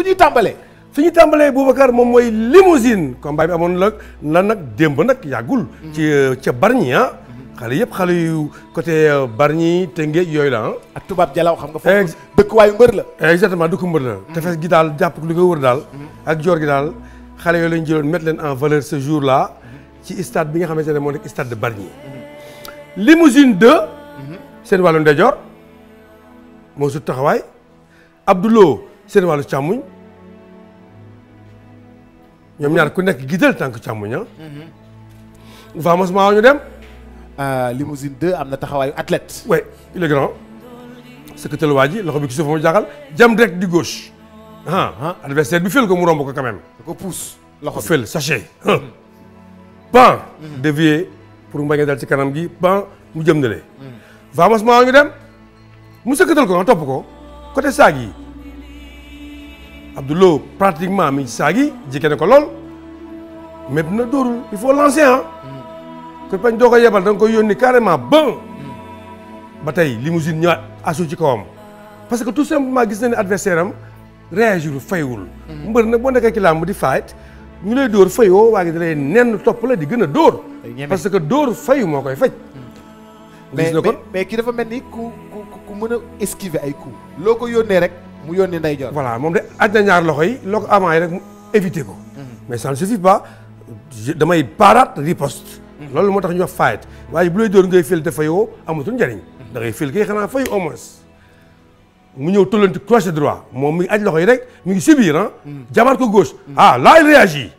fu ñuy tàmbalee. fi ñu tàmbalee Boubacar moom mooy limousine combat bi amoon la la nag démb nag yàggul. Mm-hmm. ci euh, ca Bargny ah. Mm-hmm. xale yëpp xale yu côté euh, Bargny Tëngéej yooyu la ah. tubaab Jalaw xam nga foofu dëkkuwaayu mbër la. exactement dëkku mbër la. Mm-hmm. tefes gi daal jàpp li ko wër daal. ak joor gi daal xale yooyu lañ jëloon mettre leen en valeur ce jour là. ci stade bi nga xamante ne moo nekk stade de Bargny. limousine 2. seen wàllu ndeyjoor moo sut taxawaay Abdoulo. seen wàllu càmmuñ ñoom ñaar ku nekk gidal tànk càmmuñ ah. Mm-hmm. Vamos maa ñu dem. Euh, limousine 2 am na taxawaayu athlète. oui il est grand. sëkkatal waa ji loxo bi ki suuf ma jaaxal jam direct di gauche. Ah, ah. adversaire bi fël ko mu romb ko quand même. loxo bi sachet. Ah. pan. Mm-hmm. dévié pour mbañ a dal ci kanam gi pan mu jëm na lee. Mm-hmm. Vamos maa dem mu sëkkatal ko nga topp ko côté saag yi. Abdoulaye pratiquement mi ngi saagi jege na ko lool mais na dóorul il faut lancer ah. Krépin mm. doo ko yebal da nga koy yónni carrément ban. Mm. ba tey limousine ñëwaat asu ci kawam parce que tout simplement gis na ne adversaire am réagir faywul. Mm. mbër na boo nekkee ci làmb di fight ñu lay dóor fayoo waa ngi da lay topp la di gën a dóor. parce que dóor fayu moo koy faj. na ko mais mais kii dafa mel ni ku ku ku mën a esquiver ay coups. loo ko yónnee rek. mu yónni ndeyjoor. voilà moom de aj na ñaar loxo yi loo ko avant yi rek mu éviter ko. Mhm. mais ça ne suffit pas damay paaraat riposte. Mhm. loolu moo tax ñu wax faayet waaye bu lay dóor ngay fil te fayoo amatul njariñ. Mhm. da ngay fil kay xanaa fayu mu ñëw tollanti crochet droit moom mi ngi aj loxo yi rek mi ngi subir ah. jamaat ko gauche. ah il réagit.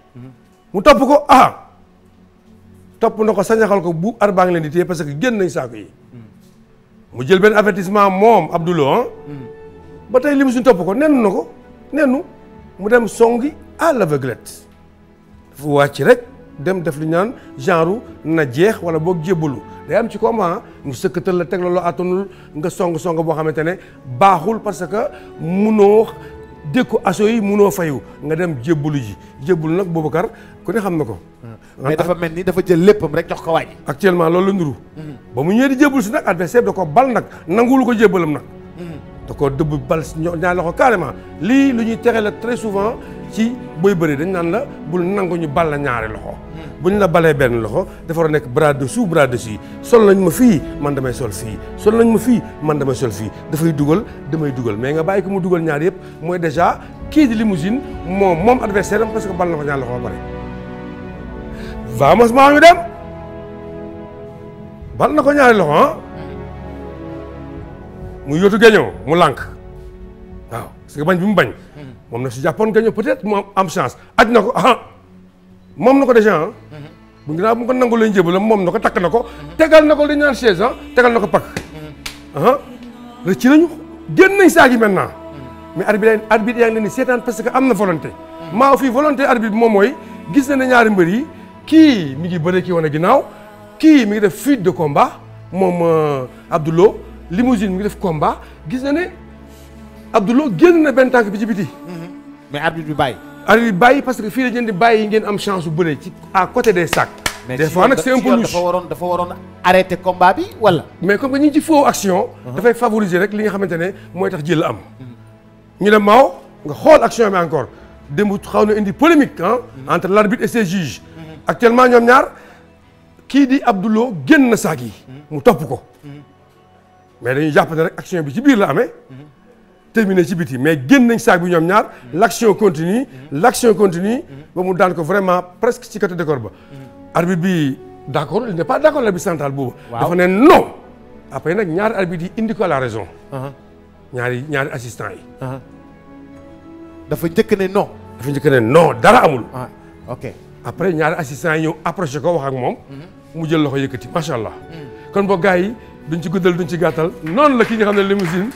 mu topp ko ah. topp na ko sañaxal ko bu arbaa ngi leen di téye parce que génn nañ saako yi. mu jël benn avertissement moom Abdoulaye ba tey limousine topp ko nennu na ko nennu mu dem songi à l'aveuglette dafa wàcc rek dem def lu ñaan genre na jeex wala boog jébbalu day am ci combat ah, ñu sëkkatal la teg la nga song song boo xamante ne baaxul parce que munoo dékku aso yi munoo fayu nga dem jébbalu ji jébbalu nag Boubacar ku ne xam na ko. mais dafa mel ni dafa jël léppam rek jox ko waaj. actuellement loolu la nduru mhm. ba mu ñëwee di jébbalu si nag adversaire da ko bal nag nanguwul ko jébbalam nag. da ko dëbb bal ñaar loxo carrément lii lu ñuy tere la très souvent ci booy bëri dañ naan la bul nangu ñu bal la ñaari loxo bu ñu la balee benn loxo dafa war a nekk bras dessous bras dessus sol nañ ma fii man damay sol fii sol nañ ma fii man damay sol fii dafay dugal damay dugal mais nga bàyyi ko mu dugal ñaar yëpp mooy déjà kii di limousine moom moom adversaire am parce que bal na ko ñaar loxo ba pare vamos maa ngi dem bal na ko ñaari loxo ah. mu yóotu Guédiawaye mu lànk waaw parce que bañ bi mu bañ. Hmm. moom na su jàppoon Guédiawaye peut-être mu am chance aj na ko ah moom na ko déjà ah. hmm. bu ngi naa bu ko nangu lañ jébal moom na ko takk na ko hmm. tegal na ko li ñu naan chaise ah. tegal na ko pakk ah rëcc nañu génn nañ saag yi maintenant mais arbitre arbitre yaa ngi leen di seetaan parce que am na volonté maa fii volonté arbitre bi moom mooy gis na ñaari mbër yi kii mi ngi bëre ki wane ginnaaw kii mi ngi def fuite de combat moom euh, Abdoulou limousine mi ngi def combat gis na ne Abdoulaye génn na benn tànk bi ci biti. mais arbitre bi bàyyi. arbitre bi bàyyi parce que fii la di bàyyi ngeen am chance su bëree ci à côté de sacs. des fois nag c'est un peu louche dafa waroon dafa waroon arrêter combat bi wala. mais comme que ñu ngi ci faux action. Uh-huh. dafay favoriser rek li nga xamante ne mooy tax jël la am. ñu ne Mao nga xool action bi encore démb xaw na indi polémique ah. entre l'arbitre et ses juges. Uh-huh. actuellement ñoom ñaar kii di Abdoulaye génn na saak yi. mu topp ko. mais dañuy jàpp ne rek action bi ci biir la ame terminé ci biti mais génn nañ saag bi ñoom ñaar l' action continue. l' continue. ba mu daan ko vraiment presque ci côté décor ba. arbitre bi d' accord il n' est pas d' accord l' arbitre central boobu. dafa ne non. après nag ñaari arbitre yi indi ko à la raison. Uh-huh. ñaari ñaari assistant yi. Uh-huh. dafa njëkk ne non. dafa njëkk ne non dara amul. Ah, après ñaari assistant yi ñëw approché ko wax ak moom. Mm-hmm. mu jël loxo yëkkati macha allah. Mm. kon duñ ci guddal duñ ci gàttal noonu la ki nga xam ne limousine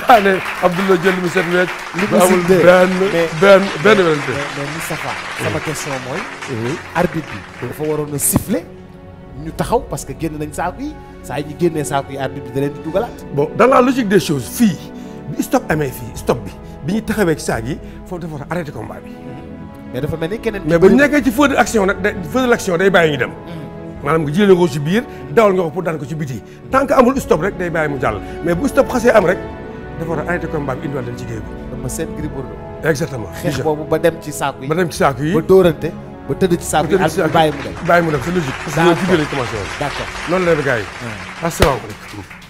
daane Abdoulaye jël mu set wecc. li ko amul benn benn benn werante mais mhm. bi dafa waroon a siffler ñu taxaw parce que génn nañ saako yi saa yi génnee saako yi arbitre bi da leen di dugalaat. bon dans la logique des choses fii bi stop amee fii stop bi bi ñu taxawee ci saa yi foofu dafa war a arrêté combat bi. mais dafa mel ni keneen. mais bu nekkee ci feu de l'action nag day feu de l'action day bàyyi ñu dem. Mhm. maanaam nga jëlee ko ci biir dawal nga ko pour daan ko ci biti tant amul stop rek day bàyyi mu jàll mais bu stop xasee am rek dafa war a arrêté combat bi indiwaat leen ci géej gi. dama seet Gris Bordeaux. exactement xeex boobu ba dem ci saako yi ba dem ci saako yi ba dóorante ba tëdd ci saako yi ak bàyyi mu dem mu dem c'est logique. parce que loolu jigéen lañ commencé woon. d'accord